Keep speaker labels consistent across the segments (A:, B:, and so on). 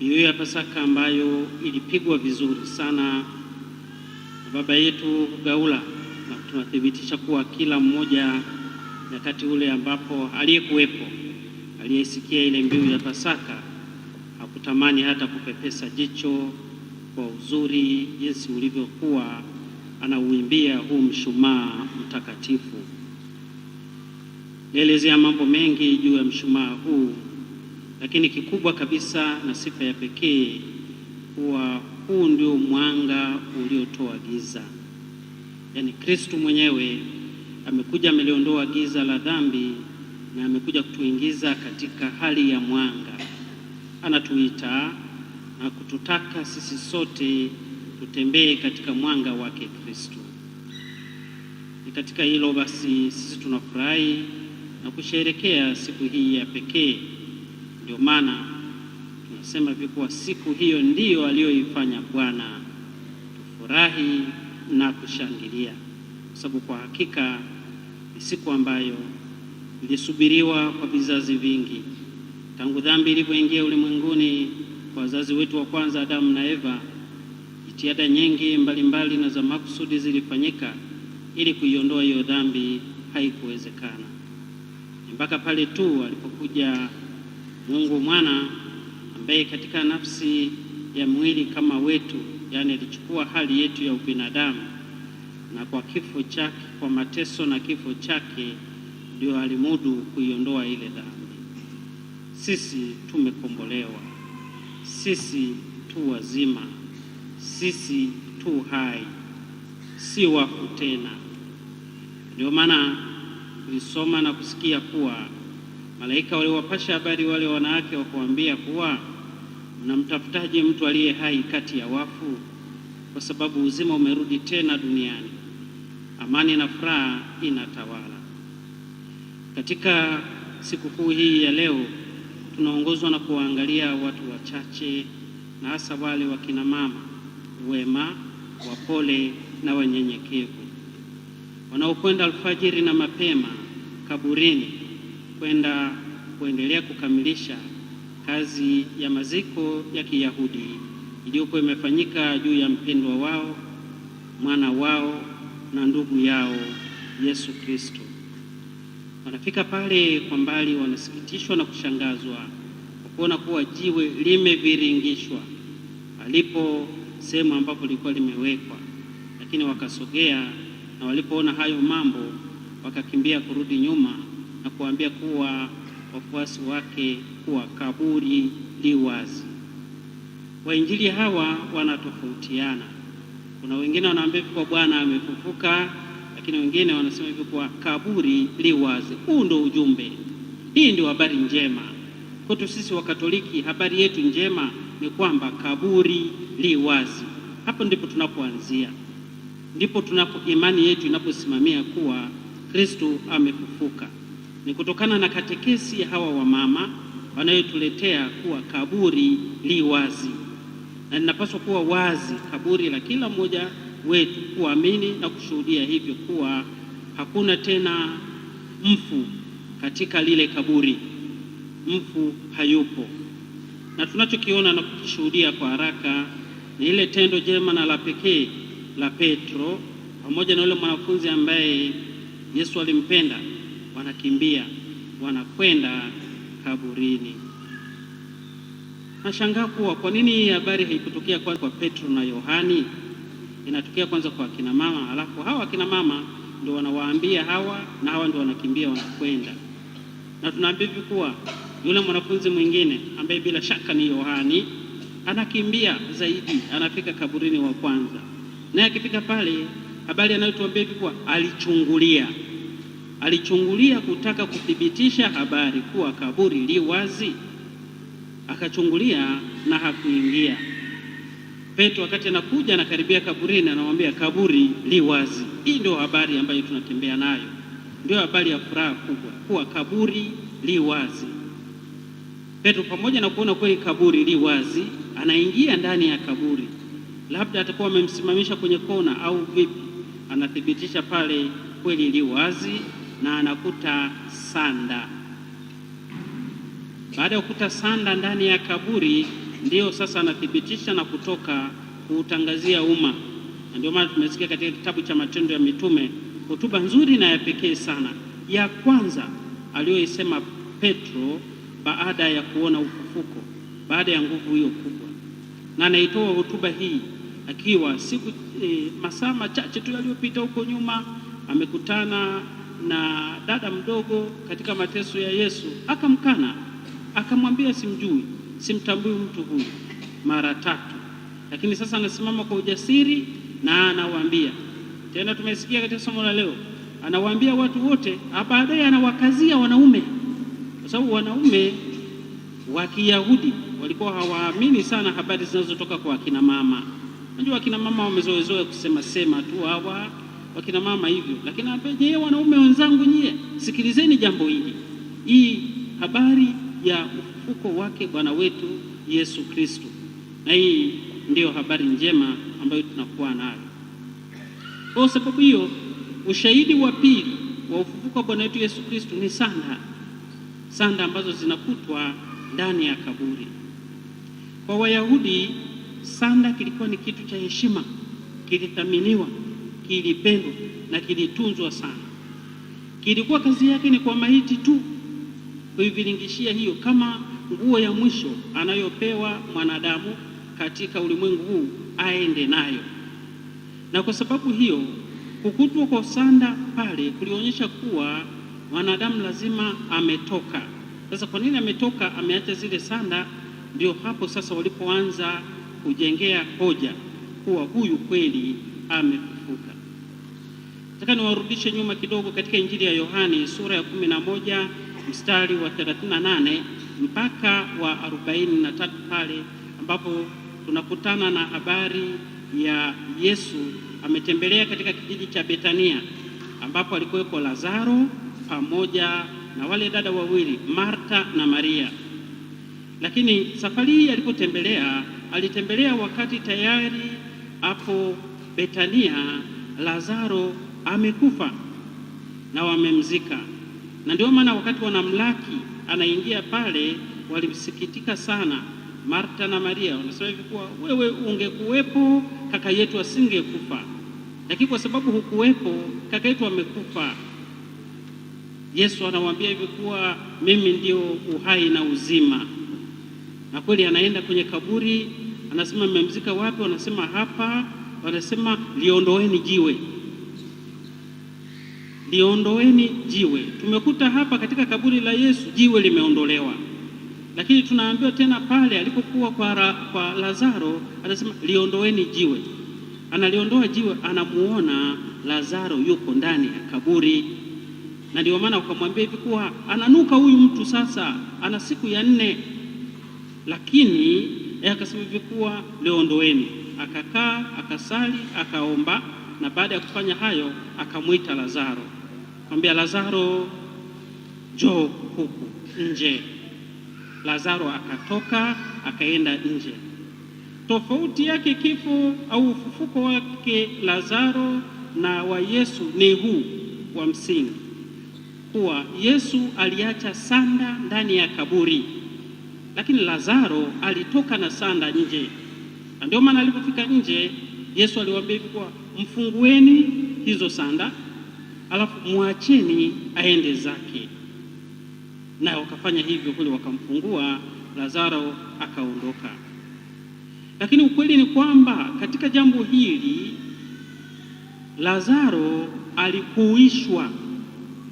A: mbiu ya Pasaka ambayo ilipigwa vizuri sana na baba yetu Gaula, na tunathibitisha kuwa kila mmoja wakati ule ambapo aliyekuwepo, aliyesikia ile mbiu ya Pasaka hakutamani hata kupepesa jicho kwa uzuri jinsi ulivyokuwa anauimbia huu mshumaa mtakatifu. Nielezea mambo mengi juu ya mshumaa huu lakini kikubwa kabisa na sifa ya pekee kuwa huu ndio mwanga uliotoa giza, yaani kristu mwenyewe amekuja ameliondoa giza la dhambi na amekuja kutuingiza katika hali ya mwanga. Anatuita na kututaka sisi sote tutembee katika mwanga wake kristu Ni katika hilo basi sisi tunafurahi na kusherekea siku hii ya pekee ndio maana tunasema hivi kuwa siku hiyo ndiyo aliyoifanya Bwana, tufurahi na kushangilia, kwa sababu kwa hakika ni siku ambayo ilisubiriwa kwa vizazi vingi tangu dhambi ilipoingia ulimwenguni kwa wazazi wetu wa kwanza Adamu na Eva. Jitihada nyingi mbalimbali na za makusudi zilifanyika ili kuiondoa hiyo dhambi, haikuwezekana mpaka pale tu alipokuja Mungu mwana ambaye katika nafsi ya mwili kama wetu, yaani alichukua hali yetu ya ubinadamu, na kwa kifo chake, kwa mateso na kifo chake ndio alimudu kuiondoa ile dhambi. Sisi tumekombolewa, sisi tu wazima, sisi tu hai, si wafu tena. Ndio maana tulisoma na kusikia kuwa malaika waliwapasha habari wale wanawake wa kuambia kuwa mnamtafutaje mtu aliye hai kati ya wafu, kwa sababu uzima umerudi tena duniani, amani na furaha inatawala. Katika sikukuu hii ya leo tunaongozwa na kuwaangalia watu wachache na hasa wale wakina mama wema, wapole na wanyenyekevu wanaokwenda alfajiri na mapema kaburini kwenda kuendelea kukamilisha kazi ya maziko ya Kiyahudi iliyokuwa imefanyika juu ya mpendwa wao mwana wao na ndugu yao Yesu Kristo. Wanafika pale kwa mbali, wanasikitishwa na kushangazwa kwa kuona kuwa jiwe limeviringishwa alipo sehemu ambapo lilikuwa limewekwa, lakini wakasogea, na walipoona hayo mambo wakakimbia kurudi nyuma na kuambia kuwa wafuasi wake kuwa kaburi li wazi. Wainjili hawa wanatofautiana. Kuna wengine wanaambia hivi kwa Bwana amefufuka, lakini wengine wanasema hivi kwa kaburi li wazi. Huu ndio ujumbe, hii ndio habari njema kwetu sisi Wakatoliki. Habari yetu njema ni kwamba kaburi li wazi. Hapo ndipo tunapoanzia, ndipo tunapo imani yetu inaposimamia kuwa Kristo amefufuka ni kutokana na katekesi ya hawa wamama wanayotuletea kuwa kaburi li wazi, na linapaswa kuwa wazi kaburi la kila mmoja wetu, kuamini na kushuhudia hivyo kuwa hakuna tena mfu katika lile kaburi, mfu hayupo. Na tunachokiona na kukishuhudia kwa haraka ni ile tendo jema na la pekee la Petro pamoja na yule mwanafunzi ambaye Yesu alimpenda wanakimbia, wanakwenda kaburini. Nashangaa kuwa kwa nini habari haikutokea kwanza kwa Petro na Yohani, inatokea kwanza kwa akina mama, alafu hawa akina mama ndio wanawaambia hawa na hawa ndio wanakimbia wanakwenda. Na tunaambiwa kuwa yule mwanafunzi mwingine ambaye bila shaka ni Yohani anakimbia zaidi, anafika kaburini wa kwanza, naye akifika pale, habari anayotuambia hivi kuwa alichungulia alichungulia kutaka kuthibitisha habari kuwa kaburi li wazi, akachungulia na hakuingia. Petro wakati anakuja anakaribia kaburini, anamwambia kaburi li wazi. Hii ndio habari ambayo tunatembea nayo, ndio habari ya furaha kubwa, kuwa kaburi li wazi. Petro pamoja na kuona kweli kaburi li wazi, anaingia ndani ya kaburi, labda atakuwa amemsimamisha kwenye kona au vipi, anathibitisha pale kweli li wazi na anakuta sanda. Baada ya kukuta sanda ndani ya kaburi, ndiyo sasa anathibitisha na kutoka kuutangazia umma, na ndio maana tumesikia katika kitabu cha Matendo ya Mitume hotuba nzuri na ya pekee sana ya kwanza aliyoisema Petro baada ya kuona ufufuko, baada ya nguvu hiyo kubwa, na anaitoa hotuba hii akiwa siku e, masaa machache tu yaliyopita huko nyuma amekutana na dada mdogo katika mateso ya Yesu akamkana, akamwambia simjui, simtambui mtu huyu mara tatu. Lakini sasa anasimama kwa ujasiri na anawaambia tena, tumesikia katika somo la leo, anawaambia watu wote, ah, baadaye anawakazia wanaume, kwa sababu wanaume wa Kiyahudi walikuwa hawaamini sana habari zinazotoka kwa akina mama. Unajua akina mama wamezoezoea kusema sema tu hawa wakina mama hivyo, lakini je, wanaume wenzangu nyie, sikilizeni jambo hili, hii habari ya ufufuko wake Bwana wetu Yesu Kristo, na hii ndiyo habari njema ambayo tunakuwa nayo. Kwa sababu hiyo, ushahidi wa pili wa ufufuko wa Bwana wetu Yesu Kristo ni sanda, sanda ambazo zinakutwa ndani ya kaburi. Kwa Wayahudi, sanda kilikuwa ni kitu cha heshima, kilithaminiwa kilipendwa na kilitunzwa sana. Kilikuwa kazi yake ni kwa maiti tu kuiviringishia hiyo, kama nguo ya mwisho anayopewa mwanadamu katika ulimwengu huu aende nayo. Na kwa sababu hiyo kukutwa kwa sanda pale kulionyesha kuwa mwanadamu lazima ametoka. Sasa kwa nini ametoka? Ameacha zile sanda. Ndio hapo sasa walipoanza kujengea hoja kuwa huyu kweli ame Nataka niwarudishe nyuma kidogo katika Injili ya Yohani sura ya 11 mstari wa 38 mpaka wa 43 pale ambapo tunakutana na habari ya Yesu ametembelea katika kijiji cha Betania ambapo alikuwepo Lazaro pamoja na wale dada wawili Marta na Maria. Lakini safari hii alipotembelea, alitembelea wakati tayari hapo Betania Lazaro amekufa na wamemzika. Na ndio maana wakati wanamlaki anaingia pale, walimsikitika sana. Marta na Maria wanasema hivi kuwa wewe ungekuwepo kaka yetu asingekufa, lakini kwa sababu hukuwepo, kaka yetu amekufa. Yesu anawaambia hivi kuwa mimi ndio uhai na uzima. Na kweli anaenda kwenye kaburi, anasema mmemzika wapi? Wanasema hapa. Wanasema liondoeni jiwe liondoeni jiwe. Tumekuta hapa katika kaburi la Yesu jiwe limeondolewa, lakini tunaambiwa tena pale alipokuwa kwa, kwa Lazaro anasema liondoeni jiwe. Analiondoa jiwe, anamuona Lazaro yuko ndani ya kaburi, na ndio maana ukamwambia hivi kuwa ananuka huyu mtu sasa, ana siku ya nne, lakini akasema hivi kuwa liondoeni. Akakaa akasali akaomba, na baada ya kufanya hayo akamwita Lazaro. Mwambia Lazaro, njoo huku nje. Lazaro akatoka akaenda nje. Tofauti yake kifo au ufufuko wake Lazaro na wa Yesu ni huu wa msingi, kuwa Yesu aliacha sanda ndani ya kaburi, lakini Lazaro alitoka na sanda nje, na ndio maana alipofika nje Yesu aliwaambia hivi kuwa mfungueni hizo sanda alafu mwacheni aende zake. na wakafanya hivyo, kule wakamfungua Lazaro akaondoka. Lakini ukweli ni kwamba katika jambo hili Lazaro alihuishwa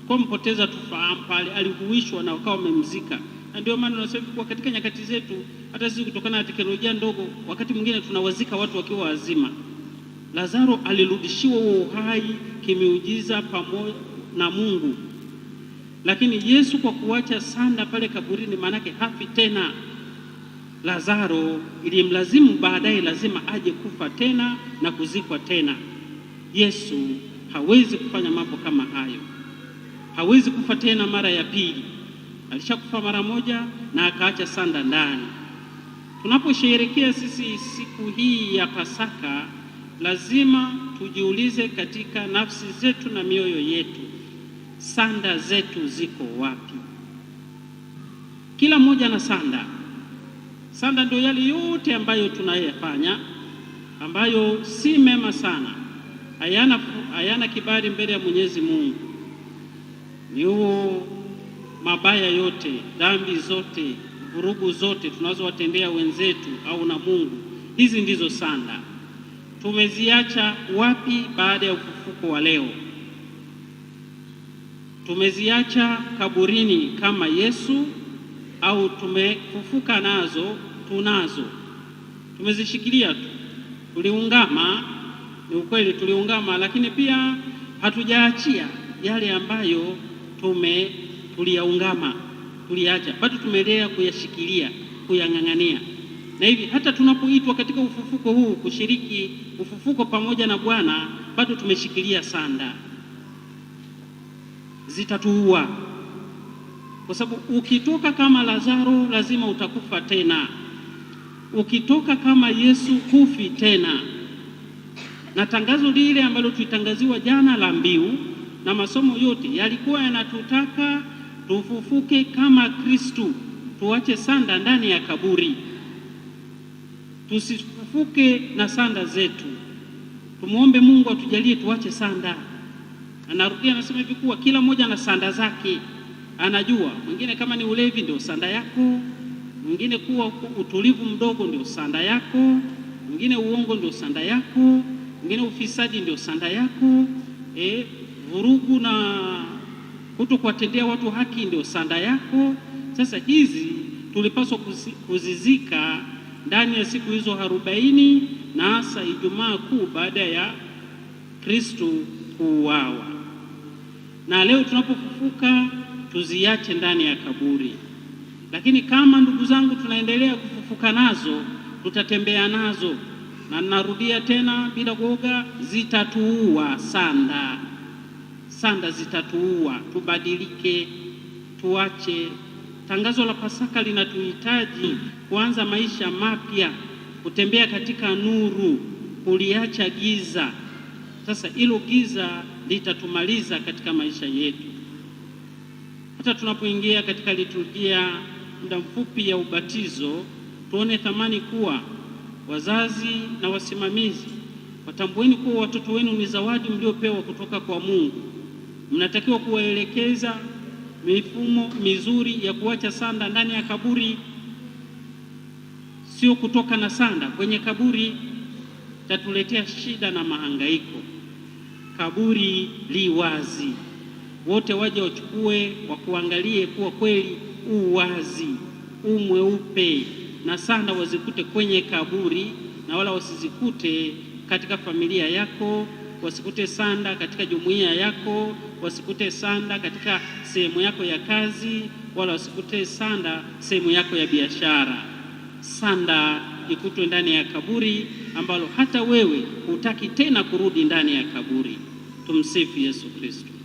A: kwa mpoteza tufahamu pale, alihuishwa na wakawa wamemzika, na ndio maana unasema kuwa katika nyakati zetu hata sisi kutokana na teknolojia ndogo, wakati mwingine tunawazika watu wakiwa wazima. Lazaro alirudishiwa huo uhai kimeujiza pamoja na Mungu. Lakini Yesu kwa kuacha sanda pale kaburini, maanake hafi tena. Lazaro ilimlazimu baadaye lazima aje kufa tena na kuzikwa tena. Yesu hawezi kufanya mambo kama hayo, hawezi kufa tena mara ya pili. Alishakufa mara moja na akaacha sanda ndani. Tunaposherehekea sisi siku hii ya Pasaka lazima tujiulize katika nafsi zetu na mioyo yetu, sanda zetu ziko wapi? Kila mmoja na sanda. Sanda ndio yale yote ambayo tunayefanya ambayo si mema sana, hayana hayana kibali mbele ya Mwenyezi Mungu. Ni huo mabaya yote, dhambi zote, vurugu zote tunazowatendea wenzetu au na Mungu, hizi ndizo sanda tumeziacha wapi baada ya ufufuko wa leo? Tumeziacha kaburini kama Yesu au tumefufuka nazo? Tunazo, tumezishikilia tu, tuliungama. Ni ukweli tuliungama, lakini pia hatujaachia yale ambayo tume tuliyaungama, tuliacha, bado tumeendelea kuyashikilia, kuyang'ang'ania na hivi hata tunapoitwa katika ufufuko huu kushiriki ufufuko pamoja na Bwana, bado tumeshikilia sanda, zitatuua kwa sababu ukitoka kama Lazaro lazima utakufa tena, ukitoka kama Yesu kufi tena. Na tangazo lile ambalo tulitangaziwa jana la mbiu na masomo yote yalikuwa yanatutaka tufufuke kama Kristu, tuache sanda ndani ya kaburi tusifufuke na sanda zetu, tumwombe Mungu atujalie tuache sanda. Anarudia anasema hivi kuwa kila mmoja na sanda zake, anajua mwingine kama ni ulevi ndio sanda yako, mwingine kuwa utulivu mdogo ndio sanda yako, mwingine uongo ndio sanda yako, mwingine ufisadi ndio sanda yako, e, vurugu na kuto kuwatendea watu haki ndio sanda yako. Sasa hizi tulipaswa kuzizika ndani ya siku hizo arobaini na hasa Ijumaa Kuu baada ya Kristo kuuawa. Na leo tunapofufuka tuziache ndani ya kaburi, lakini kama ndugu zangu tunaendelea kufufuka nazo, tutatembea nazo, na narudia tena bila kuoga, zitatuua sanda. Sanda zitatuua, tubadilike, tuache Tangazo la Pasaka linatuhitaji kuanza maisha mapya, kutembea katika nuru, kuliacha giza. Sasa hilo giza litatumaliza katika maisha yetu. Hata tunapoingia katika liturgia muda mfupi ya ubatizo, tuone thamani kuwa wazazi na wasimamizi, watambueni kuwa watoto wenu ni zawadi mliopewa kutoka kwa Mungu. Mnatakiwa kuwaelekeza mifumo mizuri ya kuacha sanda ndani ya kaburi, sio kutoka na sanda kwenye kaburi, tatuletea shida na mahangaiko. Kaburi li wazi, wote waje wachukue, wakuangalie kuwa kweli u wazi u mweupe, na sanda wazikute kwenye kaburi na wala wasizikute katika familia yako wasikute sanda katika jumuiya yako, wasikute sanda katika sehemu yako ya kazi, wala wasikute sanda sehemu yako ya biashara. Sanda ikutwe ndani ya kaburi ambalo hata wewe hutaki tena kurudi ndani ya kaburi. Tumsifu Yesu Kristo.